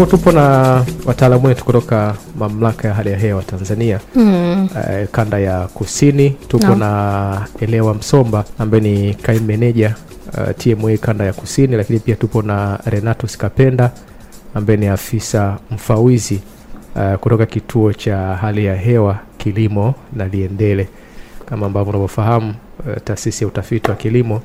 Tupo tupo na wataalamu wetu kutoka mamlaka ya hali ya hewa Tanzania mm. uh, kanda ya kusini tupo no. na Elewa Msomba ambaye ni kaimu meneja uh, eh, TMA kanda ya kusini, lakini pia tupo na Renato Skapenda ambaye ni afisa mfawizi uh, kutoka kituo cha hali ya hewa kilimo na Liendele. Kama ambavyo unavyofahamu uh, taasisi ya utafiti wa kilimo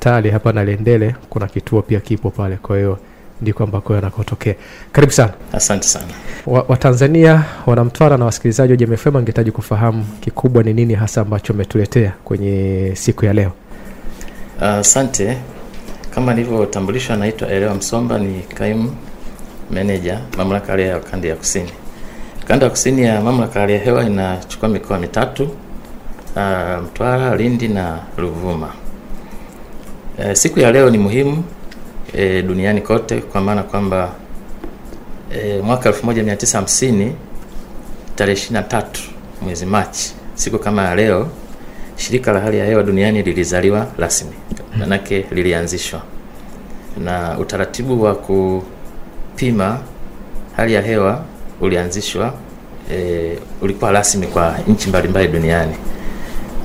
TALI hapa na Liendele kuna kituo pia kipo pale, kwa hiyo ndiko ambako yanakotokea. Karibu sana, asante sana. Watanzania wa wanamtwara na wasikilizaji wa JMFM angehitaji kufahamu kikubwa ni nini hasa ambacho umetuletea kwenye siku ya leo. Asante. Uh, kama nilivyotambulishwa, naitwa Elewa Msomba, ni kaimu meneja mamlaka ya hali ya kanda ya kusini. Kanda ya kusini ya mamlaka ya ya hewa inachukua mikoa mitatu uh, Mtwara, Lindi na Ruvuma. Uh, siku ya leo ni muhimu e, duniani kote kwa maana kwamba e, mwaka 1950 tarehe 23 mwezi Machi, siku kama ya leo, shirika la hali ya hewa duniani lilizaliwa rasmi, manake lilianzishwa na utaratibu wa kupima hali ya hewa ulianzishwa e, ulikuwa rasmi kwa nchi mbalimbali duniani,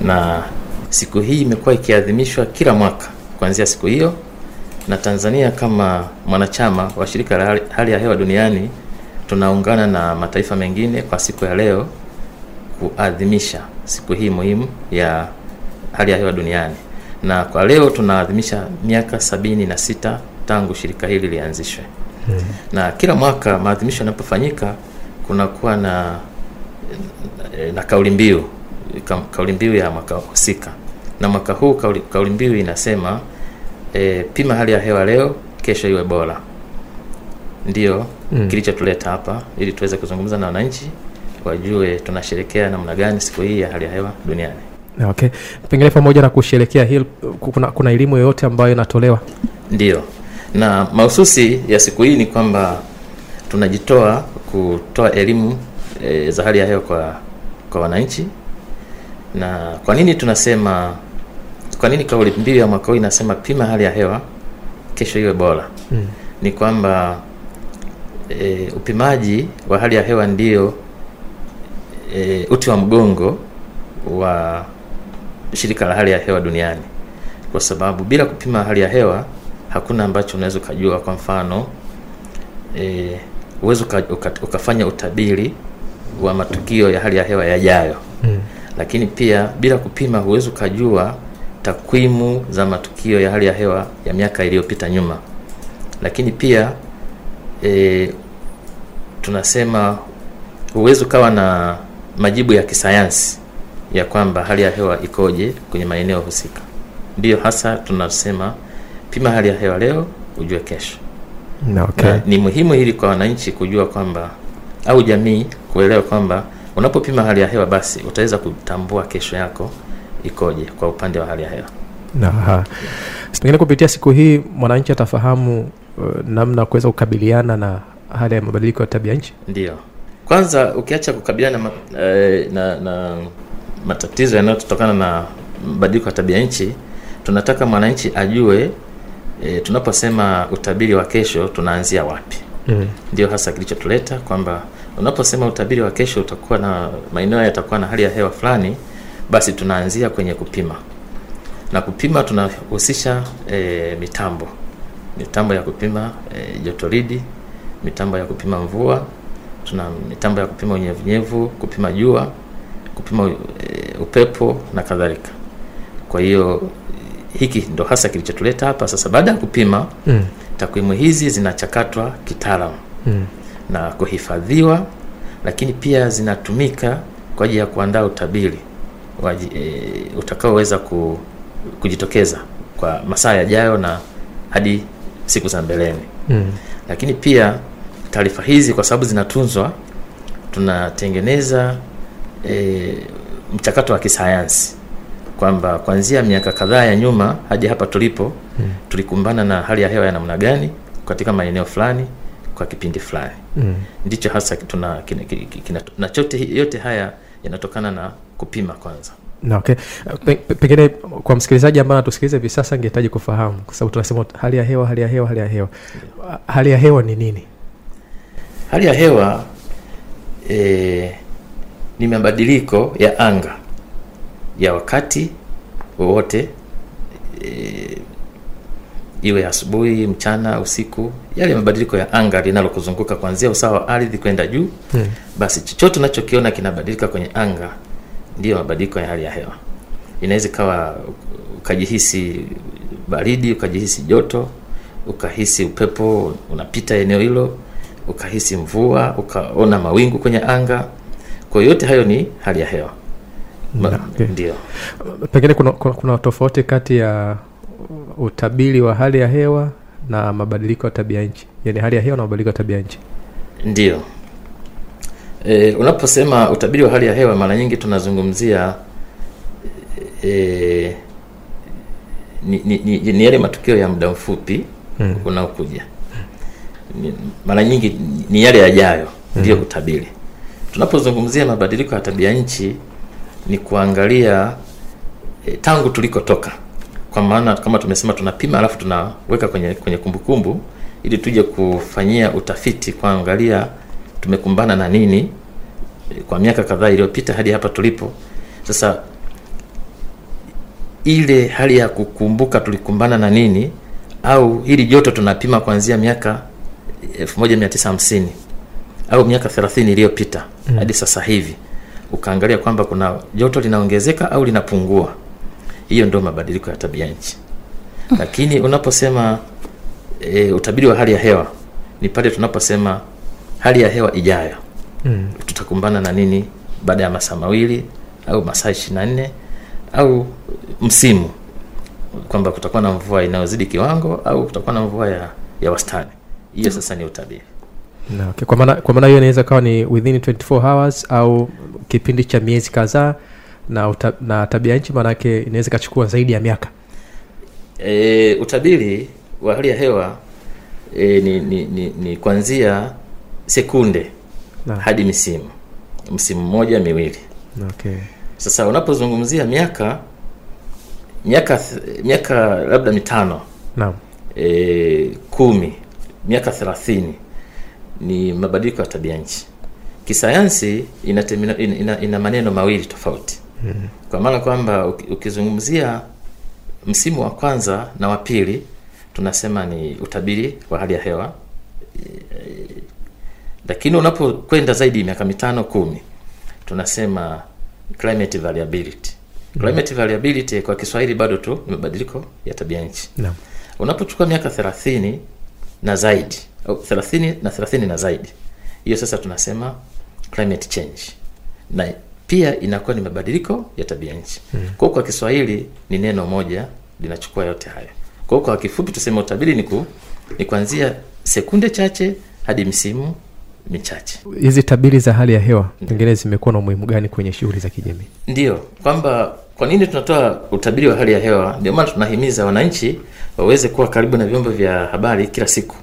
na siku hii imekuwa ikiadhimishwa kila mwaka kuanzia siku hiyo na Tanzania kama mwanachama wa shirika la hali ya hewa duniani tunaungana na mataifa mengine kwa siku ya leo kuadhimisha siku hii muhimu ya hali ya hewa duniani, na kwa leo tunaadhimisha miaka sabini na sita tangu shirika hili lianzishwe. Hmm. Na kila mwaka maadhimisho yanapofanyika kunakuwa na, na kauli mbiu kauli mbiu ya mwaka husika, na mwaka huu kauli mbiu inasema e, pima hali ya hewa leo, kesho iwe bora. Ndio mm. kilichotuleta hapa ili tuweze kuzungumza na wananchi wajue tunasherekea namna gani siku hii ya hali ya hewa duniani. Okay, pengine pamoja na kusherekea hili, kuna, kuna elimu yoyote ambayo inatolewa? Ndio, na mahususi ya siku hii ni kwamba tunajitoa kutoa elimu e, za hali ya hewa kwa kwa wananchi. Na kwa nini tunasema kwa nini kauli mbiu ya mwaka huu inasema pima hali ya hewa kesho iwe bora? mm. Ni kwamba e, upimaji wa hali ya hewa ndio e, uti wa mgongo wa shirika la hali ya hewa duniani, kwa sababu bila kupima hali ya hewa hakuna ambacho unaweza ukajua. Kwa mfano e, uka, uka, ukafanya utabiri wa matukio ya hali ya hewa yajayo mm. Lakini pia bila kupima huwezi ukajua takwimu za matukio ya hali ya hewa ya miaka iliyopita nyuma, lakini pia e, tunasema huwezi ukawa na majibu ya kisayansi ya kwamba hali ya hewa ikoje kwenye maeneo husika. Ndiyo hasa tunasema pima hali ya hewa leo ujue kesho. No, okay. ni muhimu hili kwa wananchi kujua kwamba au jamii kuelewa kwamba unapopima hali ya hewa basi utaweza kutambua kesho yako ikoje kwa upande wa hali ya hewa pengine kupitia siku hii mwananchi atafahamu uh, namna kuweza kukabiliana na hali ya mabadiliko ya tabia nchi ndio kwanza ukiacha kukabiliana na, eh, na, na matatizo yanayotokana na mabadiliko ya tabia nchi tunataka mwananchi ajue e, tunaposema utabiri wa kesho tunaanzia wapi mm. ndio hasa kilichotuleta kwamba unaposema utabiri wa kesho utakuwa na maeneo yatakuwa na hali ya hewa fulani basi tunaanzia kwenye kupima na kupima tunahusisha e, mitambo mitambo ya kupima e, eh, jotoridi mitambo ya kupima mvua tuna mitambo ya kupima unyevunyevu kupima jua kupima e, upepo na kadhalika kwa hiyo hiki ndo hasa kilichotuleta hapa sasa baada ya kupima mm. takwimu hizi zinachakatwa kitaalam mm. na kuhifadhiwa lakini pia zinatumika kwa ajili ya kuandaa utabiri eh, utakaoweza ku, kujitokeza kwa masaa yajayo na hadi siku za mbeleni mm. Lakini pia taarifa hizi kwa sababu zinatunzwa, tunatengeneza e, mchakato wa kisayansi kwamba kuanzia miaka kadhaa ya nyuma hadi hapa tulipo mm. tulikumbana na hali ya hewa ya namna gani katika maeneo fulani kwa kipindi fulani mm. Ndicho hasa tuna, kina, kina, kina, na chote yote haya yanatokana na kupima kwanza na okay. Pe, pengine kwa msikilizaji ambaye anatusikiliza hivi sasa angehitaji kufahamu kwa sababu tunasema hali ya hewa hali ya hewa hali ya hewa yeah. hali ya hewa ni nini hali ya hewa e, ni mabadiliko ya anga ya wakati wowote e, iwe asubuhi mchana usiku yale mabadiliko ya anga linalokuzunguka kuanzia usawa wa ardhi kwenda juu hmm. basi chochote unachokiona kinabadilika kwenye anga ndiyo mabadiliko ya hali ya hewa. Inaweza ikawa ukajihisi baridi, ukajihisi joto, ukahisi upepo unapita eneo hilo, ukahisi mvua, ukaona mawingu kwenye anga. Kwa yote hayo ni hali ya hewa. Okay. Ndio, pengine kuna, kuna, kuna tofauti kati ya utabiri wa hali ya hewa na mabadiliko ya tabia nchi, yani hali ya hewa na mabadiliko ya tabia nchi. Ndio. E, unaposema utabiri wa hali ya hewa mara nyingi tunazungumzia e, ni, ni, ni, ni yale matukio ya muda mfupi hmm. unaokuja mara nyingi ni yale yajayo hmm. ndiyo hmm. utabiri. Tunapozungumzia mabadiliko ya tabia nchi ni kuangalia e, tangu tulikotoka, kwa maana kama tumesema tunapima, alafu tunaweka kwenye kwenye kumbukumbu kumbu, ili tuje kufanyia utafiti kuangalia tumekumbana na nini kwa miaka kadhaa iliyopita hadi hapa tulipo sasa ile hali ya kukumbuka tulikumbana na nini au hili joto tunapima kuanzia miaka 1950 au miaka 30 iliyopita mm. hadi sasa hivi ukaangalia kwamba kuna joto linaongezeka au linapungua hiyo ndio mabadiliko ya tabia nchi mm. lakini unaposema e, utabiri wa hali ya hewa ni pale tunaposema hali ya hewa ijayo mm. tutakumbana na nini baada ya masaa mawili au masaa ishiri na nne au msimu kwamba kutakuwa na mvua inayozidi kiwango au kutakuwa na mvua ya, ya wastani hiyo sasa ni utabiri no, okay. kwa maana kwa maana hiyo inaweza kawa ni within 24 hours au kipindi cha miezi kadhaa na, uta, na tabia nchi maanake inaweza ikachukua zaidi ya miaka e, utabiri wa hali ya hewa e, ni, ni, ni, ni kuanzia sekunde no. hadi misimu msimu mmoja miwili okay. sasa unapozungumzia miaka miaka miaka labda mitano no. e, kumi miaka thelathini ni mabadiliko ya tabia nchi kisayansi ina, ina, ina, ina maneno mawili tofauti mm. kwa maana kwamba ukizungumzia msimu wa kwanza na wa pili tunasema ni utabiri wa hali ya hewa e, lakini unapokwenda zaidi miaka mitano kumi tunasema climate variability mm-hmm. climate mm. variability kwa kiswahili bado tu ni mabadiliko ya tabia nchi no. unapochukua miaka thelathini na zaidi thelathini na thelathini na zaidi hiyo sasa tunasema climate change na pia inakuwa ni mabadiliko ya tabia nchi mm. Mm-hmm. kwao kwa kiswahili ni neno moja linachukua yote hayo kwao kwa kifupi tuseme utabiri ni, ku, ni kuanzia sekunde chache hadi msimu ni chache hizi tabiri za hali ya hewa pengine zimekuwa na umuhimu gani kwenye shughuli za kijamii ndio kwamba kwa nini tunatoa utabiri wa hali ya hewa ndio maana tunahimiza wananchi waweze kuwa karibu na vyombo vya habari kila siku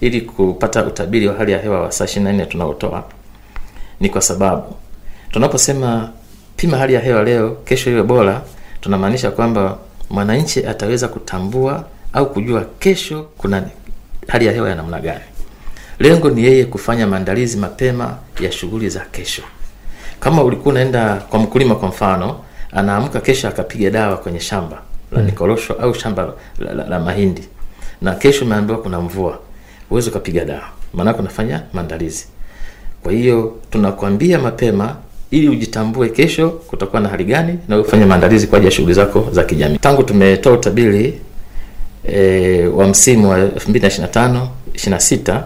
ili kupata utabiri wa hali ya hewa wa saa 24 tunaotoa ni kwa sababu tunaposema pima hali ya hewa leo kesho iwe bora tunamaanisha kwamba mwananchi ataweza kutambua au kujua kesho kuna hali ya hewa ya namna gani Lengo ni yeye kufanya maandalizi mapema ya shughuli za kesho. Kama ulikuwa unaenda kwa mkulima, kwa mfano, anaamka kesho akapiga dawa kwenye shamba la mikorosho hmm. au shamba la, la, la mahindi, na kesho umeambiwa kuna mvua, uwezi ukapiga dawa, maana unafanya maandalizi. Kwa hiyo tunakwambia mapema ili ujitambue kesho kutakuwa na hali gani, na ufanye maandalizi kwa ajili ya shughuli zako za kijamii. Tangu tumetoa utabiri e, wa msimu wa 2025 26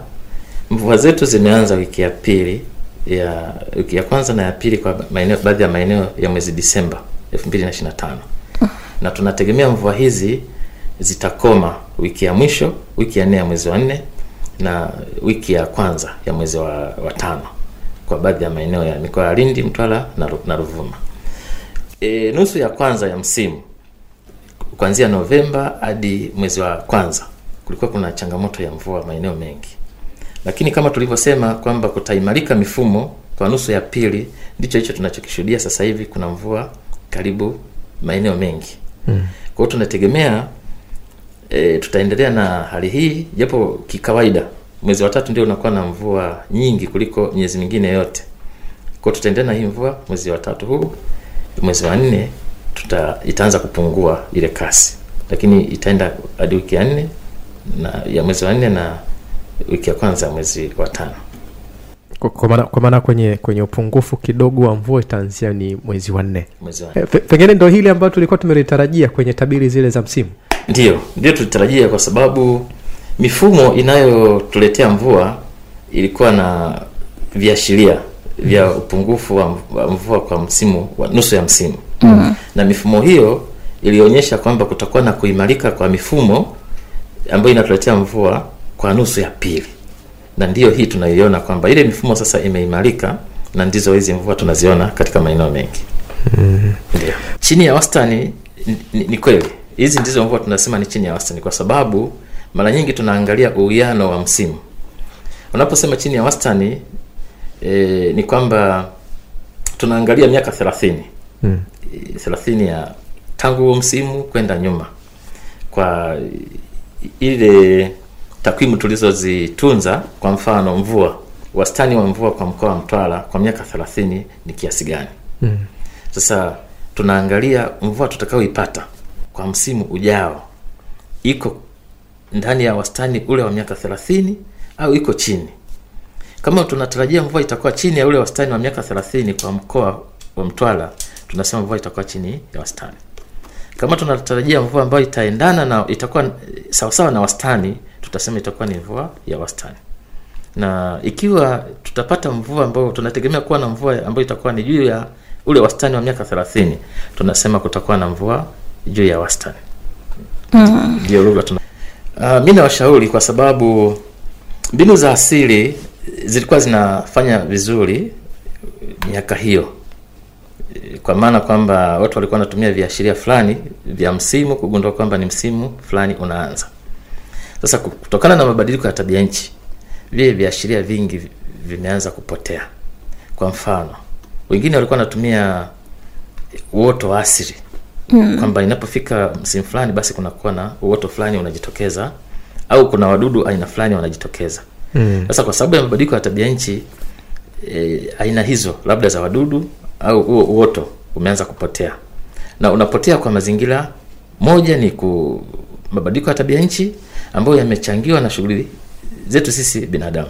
Mvua zetu zimeanza wiki ya pili ya wiki ya kwanza na ya pili kwa maeneo baadhi ya maeneo ya mwezi Disemba 2025 na tunategemea mvua hizi zitakoma wiki ya mwisho wiki ya nne ya mwezi wa nne na wiki ya kwanza ya mwezi wa, wa tano kwa baadhi ya maeneo ya mikoa ya Lindi, Mtwara na, na Ruvuma. E, nusu ya kwanza ya msimu kuanzia Novemba hadi mwezi wa kwanza kulikuwa kuna changamoto ya mvua maeneo mengi lakini kama tulivyosema kwamba kutaimarika mifumo kwa nusu ya pili ndicho hicho tunachokishuhudia sasa hivi. Kuna mvua karibu maeneo mengi mm. kwao tunategemea e, tutaendelea na hali hii, japo kikawaida mwezi wa tatu ndio unakuwa na mvua nyingi kuliko miezi mingine yote. kwao tutaendelea na hii mvua mwezi wa tatu huu, mwezi wa nne itaanza kupungua ile kasi, lakini itaenda hadi wiki ya nne ya mwezi wa nne na wiki ya kwanza mwezi wa tano kwa maana kwenye kwenye upungufu kidogo wa mvua itaanzia ni mwezi wa nne eh, pengine ndo hili ambayo tulikuwa tumelitarajia kwenye tabiri zile za msimu ndio ndio tulitarajia kwa sababu mifumo inayotuletea mvua ilikuwa na viashiria vya mm-hmm. upungufu wa mvua kwa msimu wa nusu ya msimu mm. na mifumo hiyo ilionyesha kwamba kutakuwa na kuimarika kwa mifumo ambayo inatuletea mvua kwa nusu ya pili, na ndiyo hii tunaiona kwamba ile mifumo sasa imeimarika na ndizo hizi mvua tunaziona katika maeneo mengi mm. Mm-hmm. Ndio chini ya wastani ni, ni, kweli hizi ndizo mvua tunasema ni chini ya wastani, kwa sababu mara nyingi tunaangalia uwiano wa msimu. Unaposema chini ya wastani e, ni kwamba tunaangalia miaka thelathini mm. E, thelathini ya tangu msimu kwenda nyuma kwa ile takwimu tulizozitunza, kwa mfano mvua, wastani wa mvua kwa mkoa wa Mtwara kwa miaka thelathini ni kiasi gani? mm. Sasa tunaangalia mvua tutakaoipata kwa msimu ujao iko ndani ya wastani ule wa miaka thelathini au iko chini. Kama tunatarajia mvua itakuwa chini ya ule wastani wa miaka thelathini kwa mkoa wa Mtwara, tunasema mvua itakuwa chini ya wastani. Kama tunatarajia mvua ambayo itaendana na itakuwa sawasawa na wastani tutasema itakuwa ni mvua ya wastani na ikiwa tutapata mvua ambayo tunategemea kuwa na mvua ambayo itakuwa ni juu ya ule wastani wa miaka thelathini tunasema kutakuwa na mvua juu ya wastani mm-hmm. ndio mm. lugha tuna uh, ah, mi nawashauri kwa sababu mbinu za asili zilikuwa zinafanya vizuri miaka hiyo kwa maana kwamba watu walikuwa wanatumia viashiria fulani vya msimu kugundua kwamba ni msimu fulani unaanza sasa kutokana na mabadiliko ya tabia nchi, vile viashiria vingi vimeanza kupotea. Kwa mfano, wengine walikuwa wanatumia uoto wa asili mm. kwamba inapofika msimu fulani, basi kunakuwa na uoto fulani unajitokeza au kuna wadudu aina fulani wanajitokeza. Hmm. Sasa mm. kwa sababu ya mabadiliko ya tabia nchi e, aina hizo labda za wadudu au huo uoto umeanza kupotea, na unapotea kwa mazingira, moja ni ku mabadiliko ya tabia nchi ambayo yamechangiwa na shughuli zetu sisi binadamu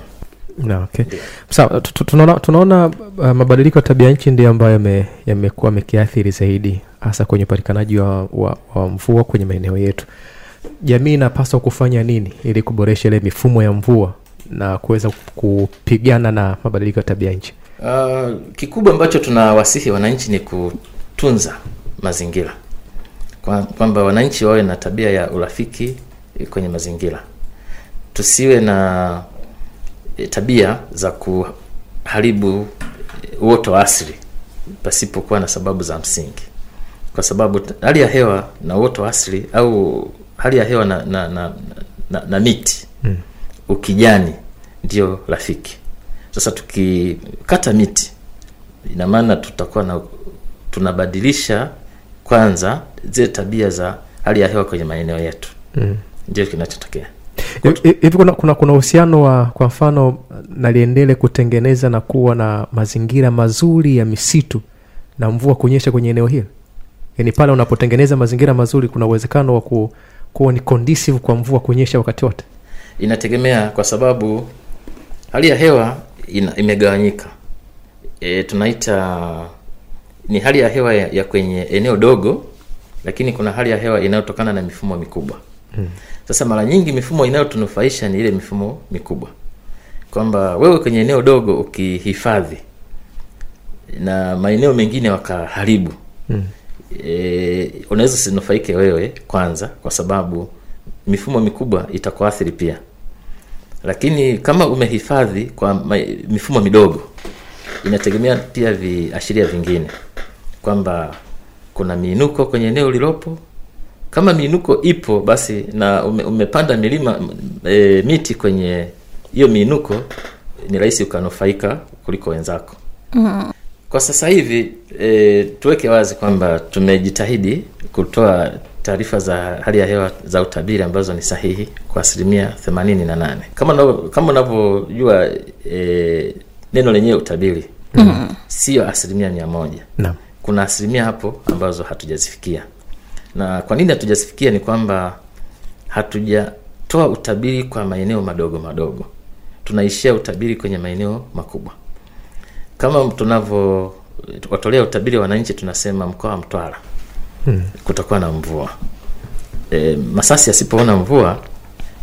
na, okay. Sawa, tunaona, uh, mabadiliko ya tabia nchi ndiyo ambayo yamekuwa me, mekiathiri zaidi hasa kwenye upatikanaji wa, wa, wa mvua kwenye maeneo yetu jamii inapaswa kufanya nini ili kuboresha ile mifumo ya mvua na kuweza kupigana na mabadiliko ya tabia nchi uh, kikubwa ambacho tunawasihi wananchi ni kutunza mazingira kwamba kwa wananchi wawe na tabia ya urafiki kwenye mazingira, tusiwe na e, tabia za kuharibu eh, uoto wa asili pasipokuwa na sababu za msingi, kwa sababu hali ya hewa na uoto wa asili au hali ya hewa na, na, na, na, na miti mm. ukijani ndio rafiki. Sasa tukikata miti, ina maana tutakuwa na tunabadilisha kwanza zile tabia za hali ya hewa kwenye maeneo yetu mm. ndio kinachotokea hivi kuna kuna kuna uhusiano wa kwa mfano naliendele kutengeneza na kuwa na mazingira mazuri ya misitu na mvua kunyesha kwenye eneo hili yaani pale unapotengeneza mazingira mazuri kuna uwezekano wa ku, kuwa ni conducive kwa mvua kunyesha wakati wote inategemea kwa sababu hali ya hewa ina, imegawanyika e, tunaita ni hali ya hewa ya, ya kwenye eneo dogo lakini kuna hali ya hewa inayotokana na mifumo mikubwa hmm. Sasa mara nyingi mifumo inayotunufaisha ni ile mifumo mikubwa, kwamba wewe kwenye eneo dogo ukihifadhi na maeneo mengine wakaharibu hmm. E, unaweza usinufaike wewe kwanza, kwa sababu mifumo mikubwa itakuathiri pia, lakini kama umehifadhi kwa mifumo midogo, inategemea pia viashiria vingine kwamba kuna miinuko kwenye eneo lilopo kama miinuko ipo basi na ume, umepanda milima e, miti kwenye hiyo miinuko ni rahisi ukanufaika kuliko wenzako mm. kwa sasa hivi e, tuweke wazi kwamba tumejitahidi kutoa taarifa za hali ya hewa za utabiri ambazo ni sahihi kwa asilimia themanini na nane kama unavyojua e, neno lenyewe utabiri mm. sio asilimia mia moja no kuna asilimia hapo ambazo hatujazifikia na kwa nini hatujazifikia ni kwamba hatujatoa utabiri kwa maeneo madogo madogo tunaishia utabiri kwenye maeneo makubwa kama tunavyo watolea utabiri wananchi tunasema mkoa wa mtwara hmm. kutakuwa na mvua e, masasi asipoona mvua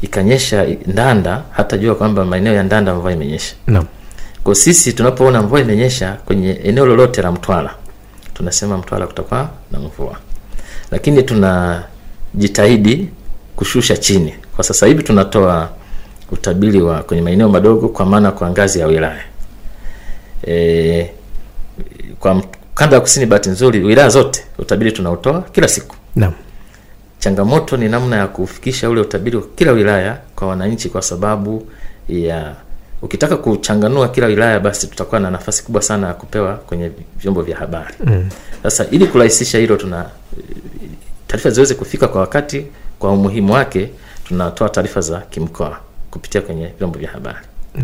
ikanyesha ndanda hata jua kwamba maeneo ya ndanda mvua imenyesha no. kwa sisi tunapoona mvua imenyesha kwenye eneo lolote la mtwara tunasema Mtwara kutakuwa na mvua, lakini tunajitahidi kushusha chini. Kwa sasa hivi tunatoa utabiri wa kwenye maeneo madogo, kwa maana kwa ngazi ya wilaya e, kwa kanda ya kusini, bahati nzuri wilaya zote utabiri tunautoa kila siku. Naam. Changamoto ni namna ya kufikisha ule utabiri wa kila wilaya kwa wananchi, kwa sababu ya ukitaka kuchanganua kila wilaya basi tutakuwa na nafasi kubwa sana ya kupewa kwenye vyombo vya habari mm. sasa mm. ili kurahisisha hilo tuna taarifa ziweze kufika kwa wakati kwa umuhimu wake tunatoa taarifa za kimkoa kupitia kwenye vyombo vya habari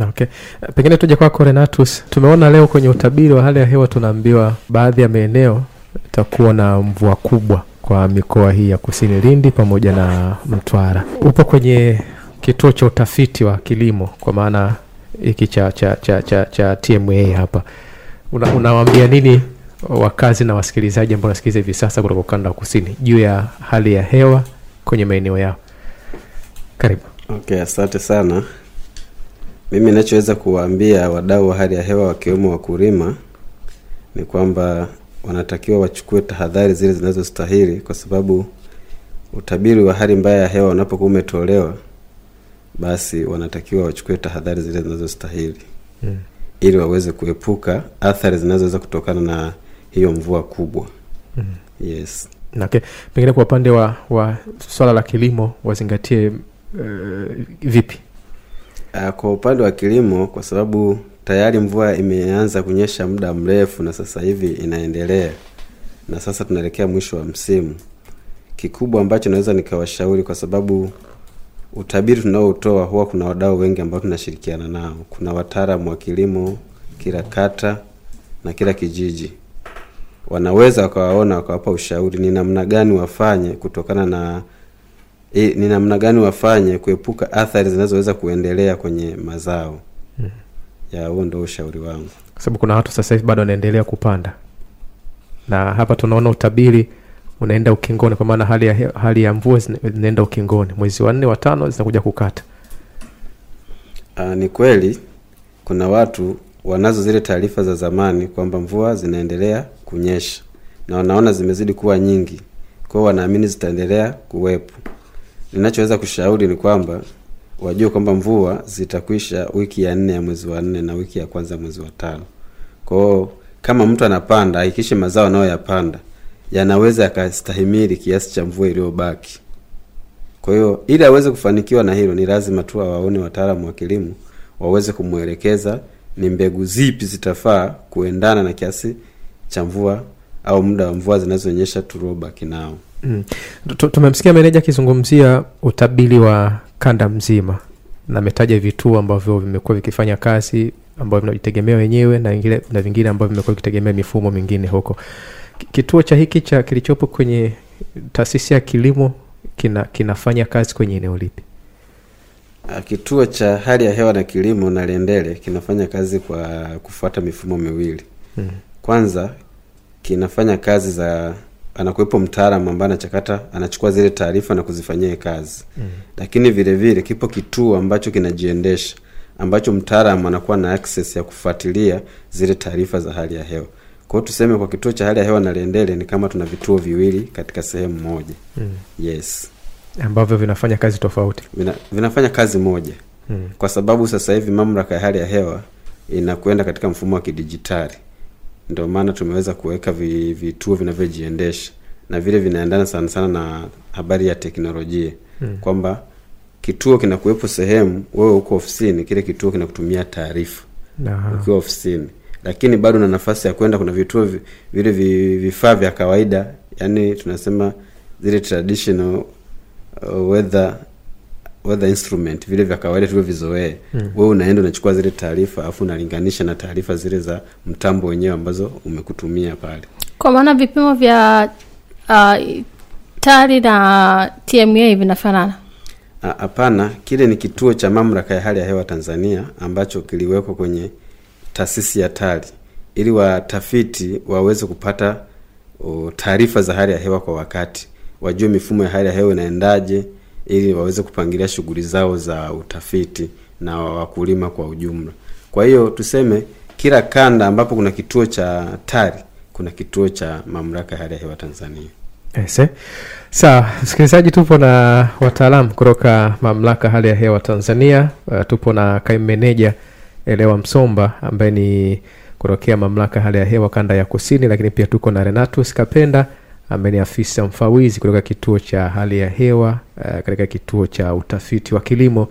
okay. pengine tuje kwako renatus tumeona leo kwenye utabiri wa hali ya hewa tunaambiwa baadhi ya maeneo itakuwa na mvua kubwa kwa mikoa hii ya kusini lindi pamoja na mtwara upo kwenye kituo cha utafiti wa kilimo kwa maana hiki cha cha cha cha, cha tma hapa una, nini wakazi na wasikilizaji ambao nasikiliza hivi sasa kutoka ukanda wa kusini juu ya hali ya hewa kwenye maeneo yao karibu okay asante sana mimi nachoweza kuwaambia wadau wa hali ya hewa wakiwemo wakulima ni kwamba wanatakiwa wachukue tahadhari zile zinazostahili kwa sababu utabiri wa hali mbaya ya hewa unapokuwa umetolewa basi wanatakiwa wachukue tahadhari zile zinazostahili mm. ili waweze kuepuka athari zinazoweza kutokana na hiyo mvua kubwa mm. yes okay. pengine kwa upande wa, wa swala la kilimo wazingatie uh, vipi uh, kwa upande wa kilimo kwa sababu tayari mvua imeanza kunyesha muda mrefu na sasa hivi inaendelea na sasa tunaelekea mwisho wa msimu kikubwa ambacho naweza nikawashauri kwa sababu Utabiri tunaotoa huwa kuna wadau wengi ambao tunashirikiana nao. Kuna wataalamu wa kilimo kila kata na kila kijiji, wanaweza wakawaona wakawapa ushauri ni namna gani wafanye kutokana na e, ni namna gani wafanye kuepuka athari zinazoweza kuendelea kwenye mazao mm. ya huo ndo ushauri wangu, kwa sababu kuna watu sasa hivi bado wanaendelea kupanda, na hapa tunaona utabiri unaenda ukingoni kwa maana hali ya, hali ya mvua zinaenda ukingoni mwezi wa nne tano zinakuja kukata Aa, ah, ni kweli kuna watu wanazo zile taarifa za zamani kwamba mvua zinaendelea kunyesha na wanaona zimezidi kuwa nyingi kwao wanaamini zitaendelea kuwepo ninachoweza kushauri ni kwamba wajue kwamba mvua zitakwisha wiki ya nne ya mwezi wa nne na wiki ya kwanza mwezi wa tano kwao kama mtu anapanda ahikishe mazao anayoyapanda yanaweza yakastahimili kiasi cha mvua iliyobaki. Kwa hiyo ili aweze kufanikiwa na hilo, ni lazima tu awaone wataalamu wa kilimo waweze kumwelekeza ni mbegu zipi zitafaa kuendana na kiasi cha mvua au muda wa mvua zinazoonyesha turoba kinao. Mm. Tumemsikia meneja akizungumzia utabiri wa kanda mzima na ametaja vituo ambavyo vimekuwa vikifanya kazi ambavyo vinajitegemea wenyewe na vingine ambavyo vimekuwa vikitegemea mifumo mingine huko kituo cha hiki cha kilichopo kwenye taasisi ya kilimo kina, kinafanya kazi kwenye eneo lipi ah, kituo cha hali ya hewa na kilimo na lendele kinafanya kazi kwa kufuata mifumo miwili hmm. kwanza kinafanya kazi za anakuwepo mtaalamu ambaye anachakata anachukua zile taarifa na kuzifanyia kazi hmm. lakini vile vile kipo kituo ambacho kinajiendesha ambacho mtaalamu anakuwa na access ya kufuatilia zile taarifa za hali ya hewa kwao tuseme kwa kituo cha hali ya hewa na Lendele ni kama tuna vituo viwili katika sehemu moja mm. yes ambavyo vinafanya kazi tofauti Vina, vinafanya kazi moja mm. kwa sababu sasa hivi mamlaka ya hali ya hewa inakwenda katika mfumo wa kidijitali ndio maana tumeweza kuweka vituo vi vinavyojiendesha na vile vinaendana sana sana na habari ya teknolojia mm. kwamba kituo kinakuwepo sehemu wewe huko ofisini kile kituo kinakutumia taarifa ukiwa ofisini lakini bado na nafasi ya kwenda. Kuna vituo vile vifaa vya kawaida, yani tunasema zile traditional uh, weather weather instrument vile vya kawaida tulivyovizoea. Mm. Wewe unaenda unachukua zile taarifa afu unalinganisha na taarifa zile za mtambo wenyewe ambazo umekutumia pale, kwa maana vipimo vya uh, TARI na TMA vinafanana. Ah, hapana, kile ni kituo cha mamlaka ya hali ya hewa Tanzania ambacho kiliwekwa kwenye taasisi ya TARI ili watafiti waweze kupata taarifa za hali ya hewa kwa wakati, wajue mifumo ya hali ya hewa inaendaje, ili waweze kupangilia shughuli zao za utafiti na wakulima kwa ujumla. Kwa hiyo tuseme kila kanda ambapo kuna kituo cha TARI kuna kituo cha mamlaka ya hali ya hewa Tanzania. Ese. Eh, Sawa msikilizaji, tupo na wataalamu kutoka mamlaka hali ya hewa Tanzania. Uh, tupo na kaimu meneja Elewa Msomba ambaye ni kutokea mamlaka hali ya hewa kanda ya kusini, lakini pia tuko na Renatus Kapenda ambaye ni afisa mfawizi kutoka kituo cha hali ya hewa uh, katika kituo cha utafiti wa kilimo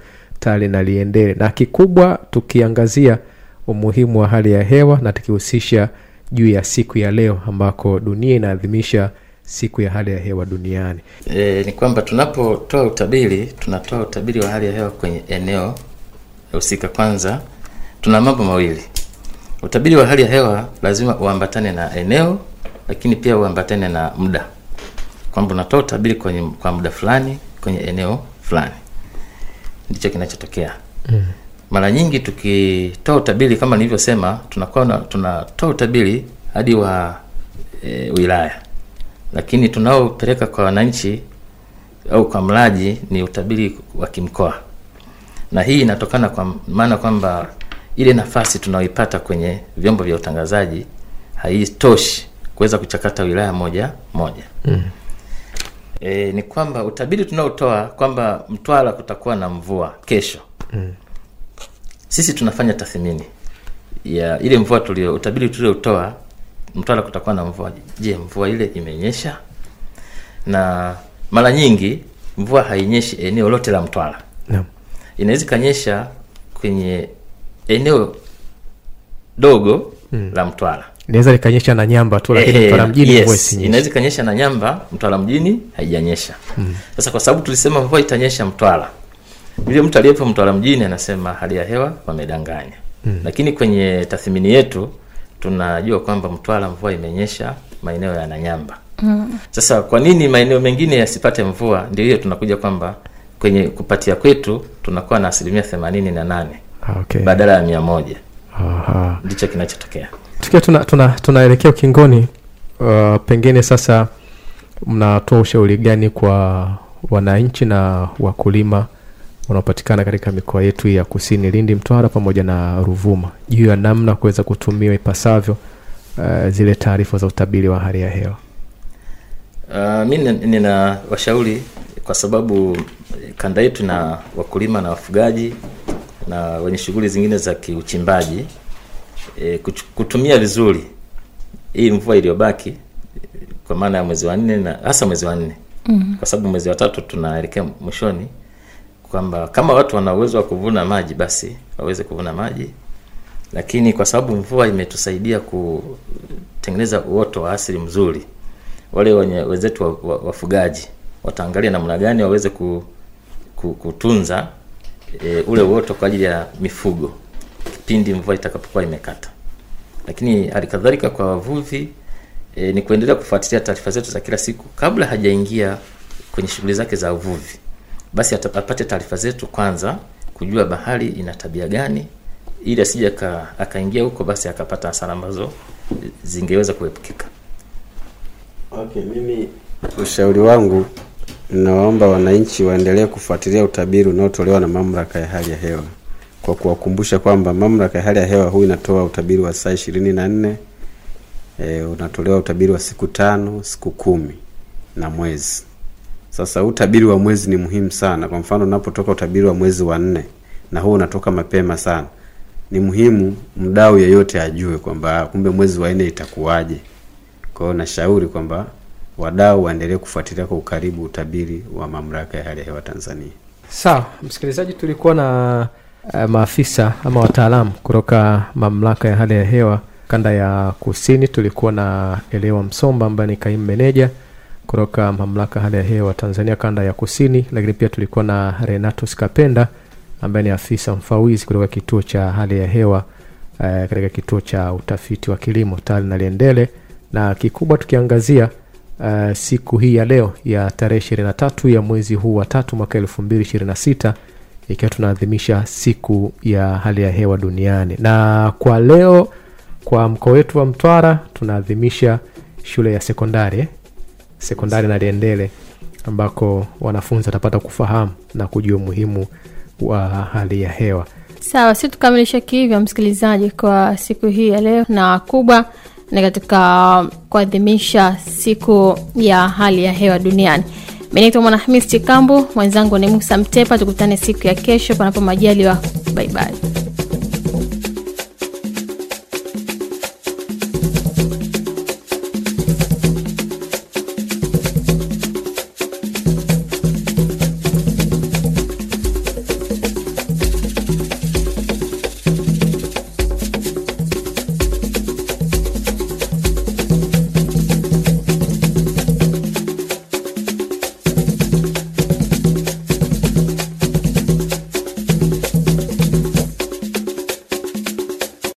na liendele na kikubwa tukiangazia umuhimu wa hali ya hewa na tukihusisha juu ya siku ya leo ambako dunia inaadhimisha siku ya hali ya hewa duniani. E, ni kwamba tunapotoa utabiri tunatoa utabiri wa hali ya hewa kwenye eneo husika kwanza tuna mambo mawili. Utabiri wa hali ya hewa lazima uambatane na eneo, lakini pia uambatane na muda, kwamba unatoa utabiri kwenye kwa muda fulani kwenye eneo fulani, ndicho kinachotokea mm. Mara nyingi tukitoa utabiri kama nilivyosema, tunakuwa tunatoa utabiri hadi wa e, wilaya, lakini tunaopeleka kwa wananchi au kwa mlaji ni utabiri wa kimkoa, na hii inatokana kwa maana kwamba ile nafasi tunaoipata kwenye vyombo vya utangazaji haitoshi kuweza kuchakata wilaya moja moja. mm. E, ni kwamba utabiri tunaotoa kwamba Mtwara kutakuwa na mvua kesho. mm. Sisi tunafanya tathmini ya ile mvua tulio utabiri tuliotoa Mtwara kutakuwa na mvua. Je, mvua ile imenyesha? Na mara nyingi mvua hainyeshi eneo lote la Mtwara. No. Inaweza ikanyesha kwenye eneo dogo mm. la mtwara inaweza likanyesha na nyamba tu lakini eh, eh, mtwara mjini yes, inaweza ikanyesha na nyamba mtwara mjini haijanyesha mm. sasa kwa sababu tulisema mvua itanyesha mtwara yule mtu aliyepo mtwara mjini anasema hali ya hewa wamedanganya mm. lakini kwenye tathmini yetu tunajua kwamba mtwara mvua imenyesha maeneo ya nanyamba hmm. sasa kwa nini maeneo mengine yasipate mvua ndio hiyo tunakuja kwamba kwenye kupatia kwetu tunakuwa na asilimia themanini na nane Ah, okay. badala ya mia moja ndicho kinachotokea tukiwa tuna, tuna, tunaelekea ukingoni uh, pengine sasa mnatoa ushauri gani kwa wananchi na wakulima wanaopatikana katika mikoa yetu ya kusini lindi mtwara pamoja na ruvuma juu ya namna kuweza kutumia ipasavyo uh, zile taarifa za utabiri wa hali ya hewa uh, mi nina washauri kwa sababu kanda yetu na wakulima na wafugaji na wenye shughuli zingine za kiuchimbaji e, kutumia vizuri hii mvua iliyobaki kwa maana ya mwezi wa nne na hasa mwezi wa nne mm. kwa sababu mwezi wa tatu tunaelekea mwishoni kwamba kama watu wana uwezo wa kuvuna maji basi waweze kuvuna maji lakini kwa sababu mvua imetusaidia kutengeneza uoto wa asili mzuri wale wenye wenzetu wafugaji wa, wa, wa wataangalia namna gani waweze ku, ku, kutunza e, ule uoto kwa ajili ya mifugo kipindi mvua itakapokuwa imekata. Lakini halikadhalika kwa wavuvi e, ni kuendelea kufuatilia taarifa zetu za kila siku kabla hajaingia kwenye shughuli zake za uvuvi, basi apate taarifa zetu kwanza, kujua bahari ina tabia gani, ili asija akaingia huko, basi akapata hasara ambazo zingeweza kuepukika. Okay, mimi ushauri wangu nawaomba wananchi waendelee kufuatilia utabiri unaotolewa na mamlaka ya hali ya hewa kwa kuwakumbusha kwamba mamlaka ya hali ya hewa huu inatoa utabiri wa saa ishirini na nne e, unatolewa utabiri wa siku tano siku kumi na mwezi sasa utabiri wa mwezi ni muhimu sana kwa mfano unapotoka utabiri wa mwezi wa nne na huu unatoka mapema sana ni muhimu mdau yeyote ajue kwamba kumbe mwezi wa nne itakuwaje hiyo nashauri kwamba wadau waendelee kufuatilia kwa ukaribu utabiri wa mamlaka ya hali ya hewa Tanzania. Sawa msikilizaji, tulikuwa na uh, maafisa ama wataalamu kutoka mamlaka ya hali ya hewa kanda ya kusini. Tulikuwa na Elewa Msomba ambaye ni kaimu meneja kutoka mamlaka hali ya hewa Tanzania kanda ya kusini, lakini pia tulikuwa na Renato Skapenda ambaye ni afisa mfawizi kutoka kituo cha hali ya hewa uh, katika kituo cha utafiti wa kilimo na liendele na kikubwa tukiangazia uh, siku hii ya leo ya tarehe 23 ya mwezi huu wa tatu mwaka 2026 ikiwa tunaadhimisha siku ya hali ya hewa duniani na kwa leo kwa mkoa wetu wa mtwara tunaadhimisha shule ya sekondari sekondari na liendele ambako wanafunzi watapata kufahamu na kujua umuhimu wa hali ya hewa sawa si tukamilishe kihivyo msikilizaji kwa siku hii ya leo na kubwa na katika kuadhimisha siku ya hali ya hewa duniani. mi naitwa Mwanahamisi Chikambo, mwenzangu ni Musa Mtepa. Tukutane siku ya kesho, panapo majaliwa. Baibai.